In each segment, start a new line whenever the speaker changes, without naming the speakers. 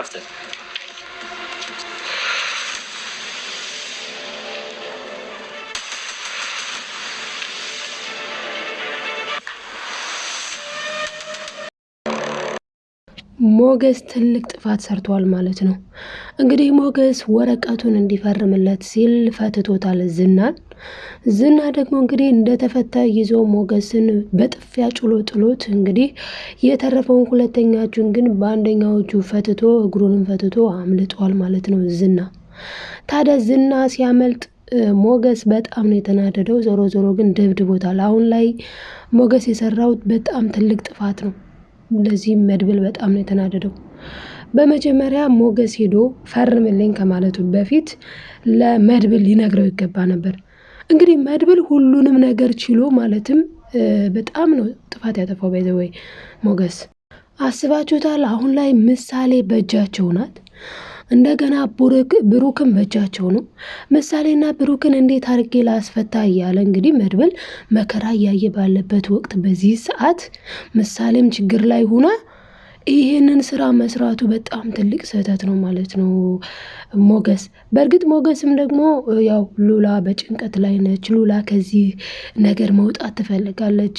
after.
ሞገስ ትልቅ ጥፋት ሰርቷል ማለት ነው። እንግዲህ ሞገስ ወረቀቱን እንዲፈርምለት ሲል ፈትቶታል ዝናን። ዝና ደግሞ እንግዲህ እንደተፈታ ይዞ ሞገስን በጥፊያ ጭሎ ጥሎት እንግዲህ የተረፈውን ሁለተኛ እጁን ግን በአንደኛው እጁ ፈትቶ እግሩንም ፈትቶ አምልጧል ማለት ነው ዝና። ታዲያ ዝና ሲያመልጥ ሞገስ በጣም ነው የተናደደው። ዞሮ ዞሮ ግን ደብድቦታል። አሁን ላይ ሞገስ የሰራው በጣም ትልቅ ጥፋት ነው። ለዚህም መድብል በጣም ነው የተናደደው። በመጀመሪያ ሞገስ ሄዶ ፈርምልኝ ከማለቱ በፊት ለመድብል ሊነግረው ይገባ ነበር። እንግዲህ መድብል ሁሉንም ነገር ችሎ ማለትም በጣም ነው ጥፋት ያጠፋው። ወይ ሞገስ አስባችሁታል? አሁን ላይ ምሳሌ በእጃቸው ናት። እንደገና ብሩክም በእጃቸው ነው። ምሳሌና ብሩክን እንዴት አድርጌ ላስፈታ እያለ እንግዲህ መድብል መከራ እያየ ባለበት ወቅት በዚህ ሰዓት ምሳሌም ችግር ላይ ሁና? ይህንን ስራ መስራቱ በጣም ትልቅ ስህተት ነው ማለት ነው። ሞገስ በእርግጥ ሞገስም ደግሞ ያው ሉላ በጭንቀት ላይ ነች። ሉላ ከዚህ ነገር መውጣት ትፈልጋለች።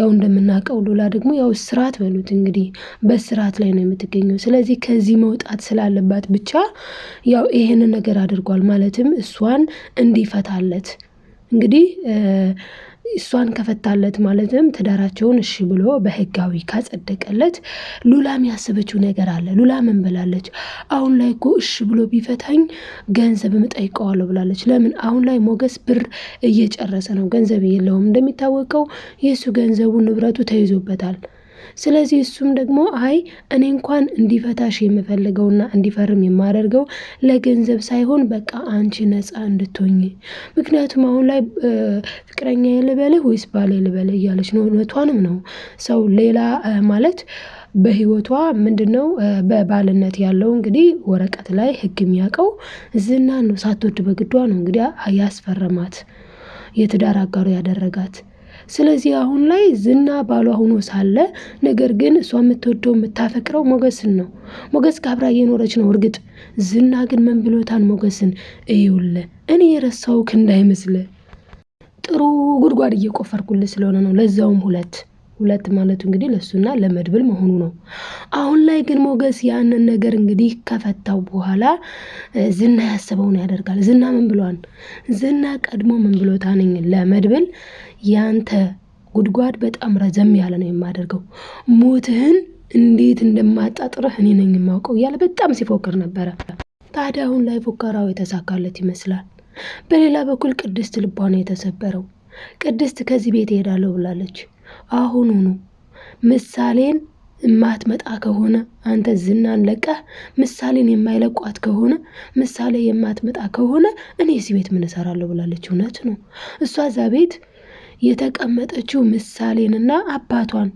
ያው እንደምናውቀው ሉላ ደግሞ ያው ስርዓት በሉት እንግዲህ በስርዓት ላይ ነው የምትገኘው። ስለዚህ ከዚህ መውጣት ስላለባት ብቻ ያው ይህንን ነገር አድርጓል። ማለትም እሷን እንዲፈታለት እንግዲህ እሷን ከፈታለት ማለትም ትዳራቸውን እሺ ብሎ በህጋዊ ካጸደቀለት ሉላ ያሰበችው ነገር አለ። ሉላ ምን ብላለች? አሁን ላይ እኮ እሺ ብሎ ቢፈታኝ ገንዘብ እጠይቀዋለሁ ብላለች። ለምን አሁን ላይ ሞገስ ብር እየጨረሰ ነው፣ ገንዘብ የለውም። እንደሚታወቀው የእሱ ገንዘቡ ንብረቱ ተይዞበታል። ስለዚህ እሱም ደግሞ አይ እኔ እንኳን እንዲፈታሽ የምፈልገውና እንዲፈርም የማደርገው ለገንዘብ ሳይሆን በቃ አንቺ ነፃ እንድትሆኝ ምክንያቱም አሁን ላይ ፍቅረኛ ልበልህ ወይስ ባሌ ልበልህ እያለች ነው። እውነቷንም ነው ሰው ሌላ ማለት በህይወቷ ምንድን ነው በባልነት ያለው እንግዲህ ወረቀት ላይ ህግ የሚያውቀው ዝና ነው። ሳትወድ በግዷ ነው እንግዲህ ያስፈረማት የትዳር አጋሩ ያደረጋት። ስለዚህ አሁን ላይ ዝና ባሏ ሆኖ ሳለ ነገር ግን እሷ የምትወደው የምታፈቅረው ሞገስን ነው። ሞገስ ካብራ እየኖረች ነው። እርግጥ ዝና ግን ምን ሞገስን? እዩለ እኔ የረሳውክ እንዳይመስል ጥሩ ጉድጓድ እየቆፈርኩልህ ስለሆነ ነው። ለዛውም ሁለት ሁለት ማለቱ እንግዲህ ለሱና ለመድብል መሆኑ ነው። አሁን ላይ ግን ሞገስ ያንን ነገር እንግዲህ ከፈታው በኋላ ዝና ያሰበውን ያደርጋል። ዝና ምን ብሏል? ዝና ቀድሞ ምን ብሎታንኝ ለመድብል ያንተ ጉድጓድ በጣም ረዘም ያለ ነው የማደርገው ሞትህን እንዴት እንደማጣጥረህ እኔ ነኝ የማውቀው እያለ በጣም ሲፎክር ነበረ። ታዲያ አሁን ላይ ፉከራው የተሳካለት ይመስላል። በሌላ በኩል ቅድስት ልቧ ነው የተሰበረው። ቅድስት ከዚህ ቤት እሄዳለሁ ብላለች። አሁኑኑ ምሳሌን የማትመጣ ከሆነ አንተ ዝናን ለቀህ ምሳሌን የማይለቋት ከሆነ ምሳሌ የማትመጣ ከሆነ እኔ እዚህ ቤት ምን እሰራለሁ ብላለች። እውነት ነው። እሷ እዛ ቤት የተቀመጠችው ምሳሌንና አባቷን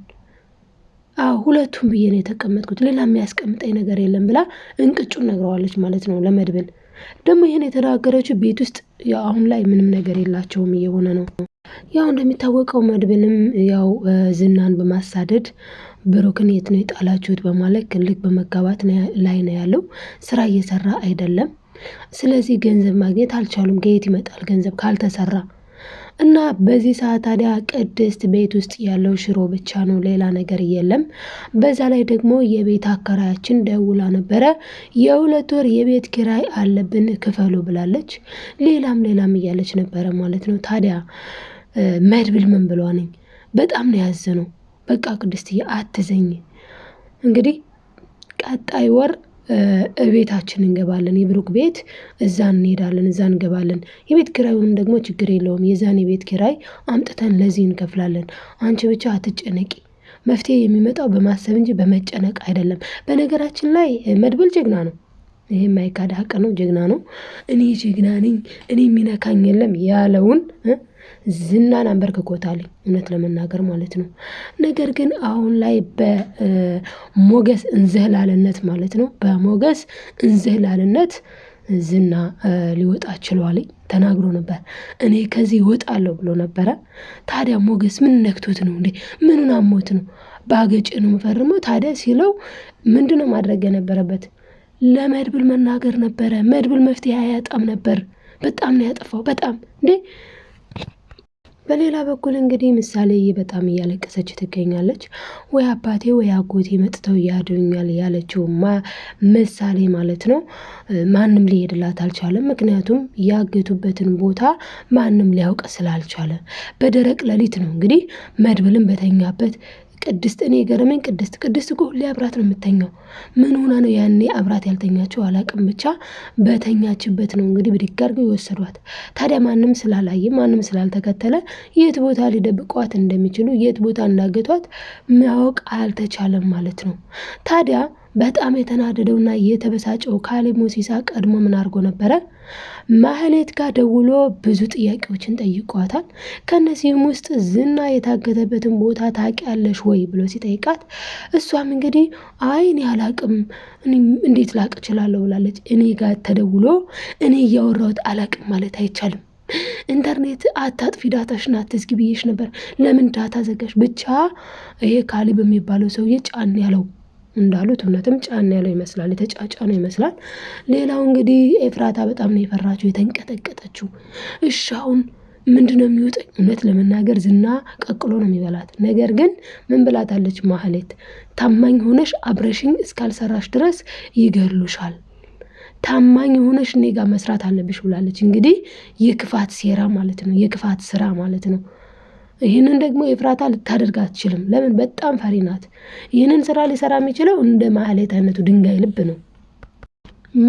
አዎ ሁለቱም ብዬ ነው የተቀመጥኩት፣ ሌላ የሚያስቀምጠኝ ነገር የለም ብላ እንቅጩን ነግረዋለች ማለት ነው ለመድብል። ደግሞ ይህን የተናገረችው ቤት ውስጥ አሁን ላይ ምንም ነገር የላቸውም እየሆነ ነው። ያው እንደሚታወቀው መድብልም ያው ዝናን በማሳደድ ብሩክን የት ነው የጣላችሁት በማለት ክልክ በመጋባት ላይ ነው ያለው። ስራ እየሰራ አይደለም። ስለዚህ ገንዘብ ማግኘት አልቻሉም። ከየት ይመጣል ገንዘብ ካልተሰራ? እና በዚህ ሰዓት ታዲያ ቅድስት ቤት ውስጥ ያለው ሽሮ ብቻ ነው፣ ሌላ ነገር የለም። በዛ ላይ ደግሞ የቤት አከራያችን ደውላ ነበረ። የሁለት ወር የቤት ኪራይ አለብን ክፈሉ ብላለች። ሌላም ሌላም እያለች ነበረ ማለት ነው ታዲያ መድብል ምን ብሏ ነኝ በጣም ነው ያዘነው። በቃ ቅድስትዬ አትዘኝ። እንግዲህ ቀጣይ ወር ቤታችን እንገባለን። የብሩክ ቤት እዛ እንሄዳለን፣ እዛ እንገባለን። የቤት ኪራዩንም ደግሞ ችግር የለውም የዛን የቤት ኪራይ አምጥተን ለዚህ እንከፍላለን። አንቺ ብቻ አትጨነቂ። መፍትሄ የሚመጣው በማሰብ እንጂ በመጨነቅ አይደለም። በነገራችን ላይ መድብል ጀግና ነው። ይሄ የማይካድ ሀቅ ነው። ጀግና ነው። እኔ ጀግና ነኝ፣ እኔ የሚነካኝ የለም ያለውን ዝናን አንበርክኮታል፣ እውነት ለመናገር ማለት ነው። ነገር ግን አሁን ላይ በሞገስ እንዝህላልነት ማለት ነው በሞገስ እንዝህላልነት ዝና ሊወጣ ችሏል። ተናግሮ ነበር። እኔ ከዚህ ይወጣለሁ ብሎ ነበረ። ታዲያ ሞገስ ምን ነክቶት ነው እንዴ? ምኑን አሞት ነው? በአገጭ ነው የምፈርመው ታዲያ ሲለው ምንድነው ማድረግ የነበረበት? ለመድብል መናገር ነበረ። መድብል መፍትሄ አያጣም ነበር። በጣም ነው ያጠፋው። በጣም እንዴ በሌላ በኩል እንግዲህ ምሳሌ በጣም እያለቀሰች ትገኛለች። ወይ አባቴ ወይ አጎቴ መጥተው ያድኛል ያለችው ምሳሌ ማለት ነው። ማንም ሊሄድላት አልቻለም። ምክንያቱም ያገቱበትን ቦታ ማንም ሊያውቅ ስላልቻለ በደረቅ ሌሊት ነው እንግዲህ መድብልን በተኛበት ቅድስት እኔ ገረመኝ። ቅድስት ቅድስት እኮ ሁሌ አብራት ነው የምተኛው። ምን ሆና ነው ያኔ አብራት ያልተኛቸው አላቅም። ብቻ በተኛችበት ነው እንግዲህ ብድግ አድርገው የወሰዷት። ታዲያ ማንም ስላላየ ማንም ስላልተከተለ የት ቦታ ሊደብቋት እንደሚችሉ የት ቦታ እንዳገቷት ማወቅ አልተቻለም ማለት ነው ታዲያ በጣም የተናደደውና የተበሳጨው ካሌብ ሙሲሳ ቀድሞ ምን አድርጎ ነበረ? ማህሌት ጋር ደውሎ ብዙ ጥያቄዎችን ጠይቋታል። ከእነዚህም ውስጥ ዝና የታገተበትን ቦታ ታውቂያለሽ ወይ ብሎ ሲጠይቃት እሷም እንግዲህ አይ እኔ አላቅም፣ እንዴት ላቅ እችላለሁ ብላለች። እኔ ጋር ተደውሎ እኔ እያወራሁት አላቅም ማለት አይቻልም። ኢንተርኔት አታጥፊ፣ ዳታሽን አትዝጊ ብዬሽ ነበር። ለምን ዳታ ዘጋሽ? ብቻ ይሄ ካሊ የሚባለው ሰውዬ ጫን ያለው እንዳሉት እውነትም ጫን ያለው ይመስላል፣ የተጫጫነው ይመስላል። ሌላው እንግዲህ ኤፍራታ በጣም ነው የፈራችው፣ የተንቀጠቀጠችው። እሺ አሁን ምንድን ነው የሚወጠኝ? እውነት ለመናገር ዝና ቀቅሎ ነው የሚበላት። ነገር ግን ምን ብላታለች ማህሌት? ታማኝ ሆነሽ አብረሽኝ እስካልሰራሽ ድረስ ይገሉሻል ታማኝ የሆነሽ እኔ ጋር መስራት አለብሽ ብላለች። እንግዲህ የክፋት ሴራ ማለት ነው፣ የክፋት ስራ ማለት ነው። ይህንን ደግሞ የፍራታ ልታደርግ አትችልም። ለምን? በጣም ፈሪ ናት። ይህንን ስራ ሊሰራ የሚችለው እንደ ማህሌት አይነቱ ድንጋይ ልብ ነው።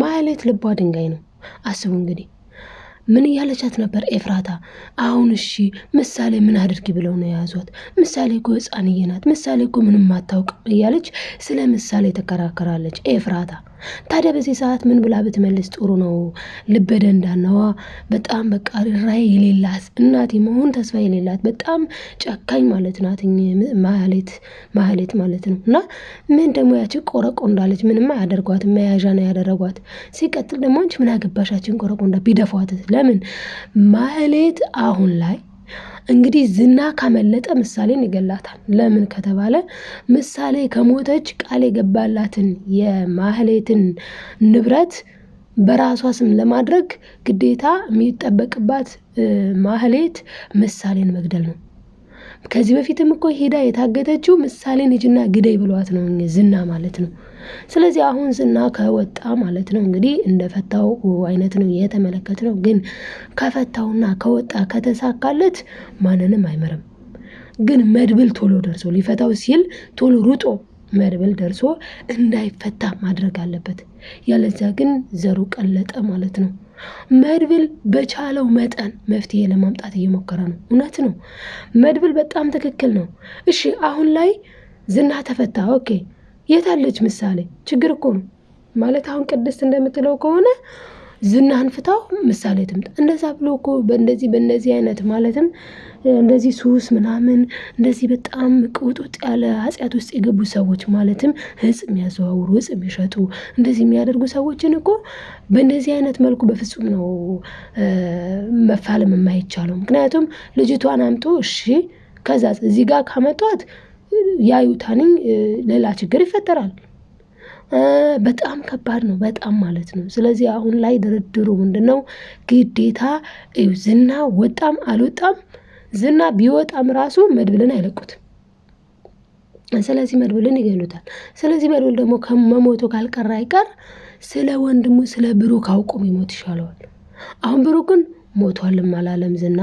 ማህሌት ልቧ ድንጋይ ነው። አስቡ እንግዲህ ምን እያለቻት ነበር ኤፍራታ? አሁን እሺ ምሳሌ ምን አድርጊ ብለው ነው የያዟት? ምሳሌ እኮ ሕፃንዬ ናት፣ ምሳሌ እኮ ምንም አታውቅ እያለች ስለ ምሳሌ ትከራከራለች ኤፍራታ። ታዲያ በዚህ ሰዓት ምን ብላ ብትመልስ ጥሩ ነው? ልበደ እንዳነዋ በጣም በቃ ራይ የሌላት እናቴ መሆን ተስፋ የሌላት በጣም ጨካኝ ማለት ናት ማህሌት ማህሌት ማለት ነው። እና ምን ደግሞ ያቺ ቆረቆ እንዳለች ምንም አያደርጓት መያዣ ነው ያደረጓት። ሲቀጥል ደግሞ አንቺ ምን አገባሻችን ቆረቆ እንዳ ቢደፏት ለምን ማህሌት አሁን ላይ እንግዲህ ዝና ካመለጠ ምሳሌን ይገላታል። ለምን ከተባለ ምሳሌ ከሞተች ቃል የገባላትን የማህሌትን ንብረት በራሷ ስም ለማድረግ ግዴታ የሚጠበቅባት ማህሌት ምሳሌን መግደል ነው። ከዚህ በፊትም እኮ ሄዳ የታገተችው ምሳሌን ሂጂና ግደይ ብሏት ነው ዝና ማለት ነው። ስለዚህ አሁን ዝና ከወጣ ማለት ነው እንግዲህ እንደፈታው አይነት ነው የተመለከት ነው። ግን ከፈታውና ከወጣ ከተሳካለት ማንንም አይመርም። ግን መድብል ቶሎ ደርሶ ሊፈታው ሲል ቶሎ ሩጦ መድብል ደርሶ እንዳይፈታ ማድረግ አለበት። ያለዚያ ግን ዘሩ ቀለጠ ማለት ነው። መድብል በቻለው መጠን መፍትሄ ለማምጣት እየሞከረ ነው። እውነት ነው፣ መድብል በጣም ትክክል ነው። እሺ አሁን ላይ ዝና ተፈታ። ኦኬ የታለች ምሳሌ? ችግር እኮ ነው ማለት አሁን ቅድስት እንደምትለው ከሆነ ዝናህን ፍታው ምሳሌ ትምጣ። እንደዛ ብሎ እኮ በእንደዚህ በእንደዚህ አይነት ማለትም እንደዚህ ሱስ ምናምን እንደዚህ በጣም ቅውጡጥ ያለ ኃጢአት ውስጥ የገቡ ሰዎች ማለትም እጽ የሚያዘዋውሩ እጽ የሚሸጡ እንደዚህ የሚያደርጉ ሰዎችን እኮ በእንደዚህ አይነት መልኩ በፍጹም ነው መፋለም የማይቻለው። ምክንያቱም ልጅቷን አምጦ እሺ፣ ከዛ እዚህ ጋር ካመጧት ያዩታንኝ ሌላ ችግር ይፈጠራል። በጣም ከባድ ነው። በጣም ማለት ነው። ስለዚህ አሁን ላይ ድርድሩ ምንድን ነው? ግዴታ ዝና ወጣም አልወጣም ዝና ቢወጣም ራሱ መድብልን አይለቁትም። ስለዚህ መድብልን ይገሉታል። ስለዚህ መድብል ደግሞ ከመሞቱ ካልቀረ አይቀር ስለ ወንድሙ ስለ ብሩክ አውቆ ይሞት ይሻለዋል። አሁን ብሩክን ሞቷልም አላለም ዝና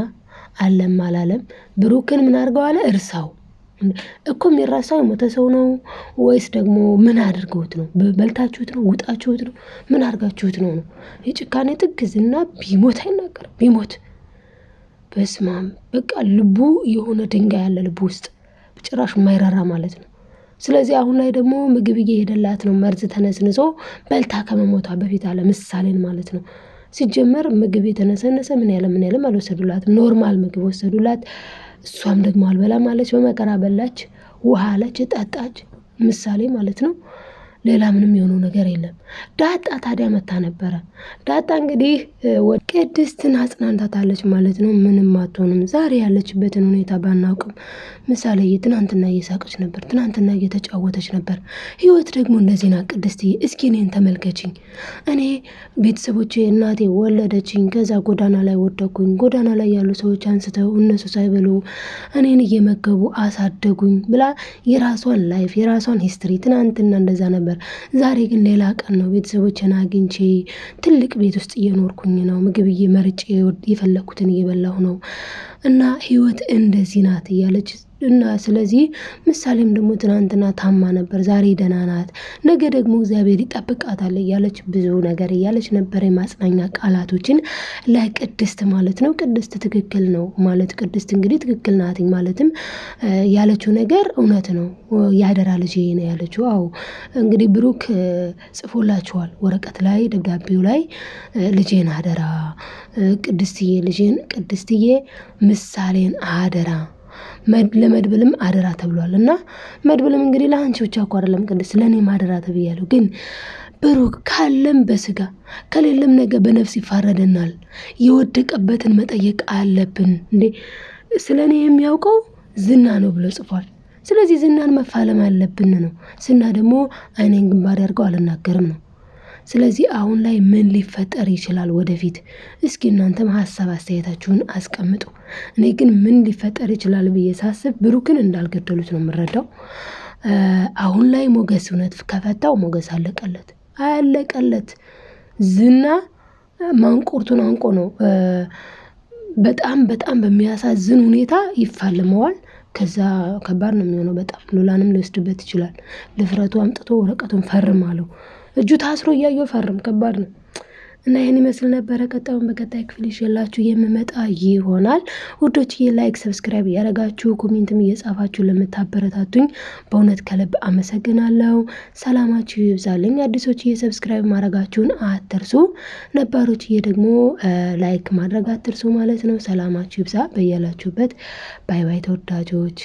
አለም አላለም ብሩክን ምን አድርገዋለ እርሳው እኮ የሚራሳው የሞተ ሰው ነው ወይስ ደግሞ ምን አድርገውት ነው? በልታችሁት ነው? ውጣችሁት ነው? ምን አድርጋችሁት ነው ነው የጭካኔ ጥግ ዝና ቢሞት አይናገርም። ቢሞት በስማም በቃ ልቡ የሆነ ድንጋይ ያለ ልቡ ውስጥ ጭራሽ የማይራራ ማለት ነው። ስለዚህ አሁን ላይ ደግሞ ምግብ እየሄደላት ነው፣ መርዝ ተነስንሶ በልታ ከመሞቷ በፊት አለ ምሳሌን ማለት ነው። ሲጀመር ምግብ የተነሰነሰ ምን ያለ ምን ያለም አልወሰዱላትም። ኖርማል ምግብ ወሰዱላት። እሷም ደግሞ አልበላም አለች። በመከራ በላች። ውሃ አለች፣ ጠጣች። ምሳሌ ማለት ነው። ሌላ ምንም የሆነው ነገር የለም። ዳጣ ታዲያ መታ ነበረ። ዳጣ እንግዲህ ቅድስትን አጽናንታታለች ማለት ነው። ምንም አትሆንም። ዛሬ ያለችበትን ሁኔታ ባናውቅም ምሳሌ ትናንትና እየሳቀች ነበር፣ ትናንትና እየተጫወተች ነበር። ህይወት ደግሞ እንደዚህ ናት። ቅድስትዬ እስኪ እኔን ተመልከችኝ። እኔ ቤተሰቦቼ እናቴ ወለደችኝ፣ ከዛ ጎዳና ላይ ወደኩኝ። ጎዳና ላይ ያሉ ሰዎች አንስተው እነሱ ሳይበሉ እኔን እየመገቡ አሳደጉኝ ብላ የራሷን ላይፍ የራሷን ሂስትሪ ትናንትና እንደዛ ነበር ነበር። ዛሬ ግን ሌላ ቀን ነው። ቤተሰቦችን አግኝቼ ትልቅ ቤት ውስጥ እየኖርኩኝ ነው። ምግብ እየመርጬ የፈለግኩትን እየበላሁ ነው። እና ህይወት እንደዚህ ናት እያለች እና ስለዚህ ምሳሌም ደግሞ ትናንትና ታማ ነበር፣ ዛሬ ደህና ናት፣ ነገ ደግሞ እግዚአብሔር ይጠብቃታል እያለች ብዙ ነገር እያለች ነበር። የማጽናኛ ቃላቶችን ለቅድስት ማለት ነው። ቅድስት ትክክል ነው ማለት ቅድስት እንግዲህ ትክክል ናት ማለትም ያለችው ነገር እውነት ነው። ያደራ ልጅ ነው ያለችው። አዎ እንግዲህ ብሩክ ጽፎላችኋል ወረቀት ላይ ደብዳቤው ላይ ልጄን አደራ ቅድስትዬ፣ ልጄን ቅድስትዬ ምሳሌን አደራ ለመድብልም አደራ ተብሏል እና መድብልም እንግዲህ ለአንቺ ብቻ እኮ አይደለም ቅድስት ለእኔም አደራ ተብያለሁ። ግን ብሩክ ካለም በስጋ ከሌለም ነገ በነፍስ ይፋረደናል። የወደቀበትን መጠየቅ አለብን። እንዴ ስለ እኔ የሚያውቀው ዝና ነው ብሎ ጽፏል። ስለዚህ ዝናን መፋለም አለብን ነው። ዝና ደግሞ አይኔን ግንባር ያድርገው አልናገርም ነው ስለዚህ አሁን ላይ ምን ሊፈጠር ይችላል ወደፊት? እስኪ እናንተም ሀሳብ አስተያየታችሁን አስቀምጡ። እኔ ግን ምን ሊፈጠር ይችላል ብዬ ሳስብ ብሩክን እንዳልገደሉት ነው የምረዳው። አሁን ላይ ሞገስ እውነት ከፈታው ሞገስ አለቀለት አለቀለት። ዝና ማንቁርቱን አንቆ ነው በጣም በጣም በሚያሳዝን ሁኔታ ይፋልመዋል። ከዛ ከባድ ነው የሚሆነው። በጣም ሉላንም ሊወስድበት ይችላል። ልፍረቱ አምጥቶ ወረቀቱን ፈርም አለው። እጁ ታስሮ እያየው ፈርም። ከባድ ነው። እና ይህን ይመስል ነበረ። ቀጣዩን በቀጣይ ክፍል ይዤላችሁ የምመጣ ይሆናል። ውዶችዬ ላይክ፣ ሰብስክራይብ እያደረጋችሁ ኮሜንትም እየጻፋችሁ ለምታበረታቱኝ በእውነት ከልብ አመሰግናለሁ። ሰላማችሁ ይብዛልኝ። አዲሶችዬ ሰብስክራይብ ማድረጋችሁን አትርሱ። ነባሮችዬ ደግሞ ላይክ ማድረግ አትርሱ ማለት ነው። ሰላማችሁ ይብዛ በያላችሁበት። ባይ ባይ ተወዳጆች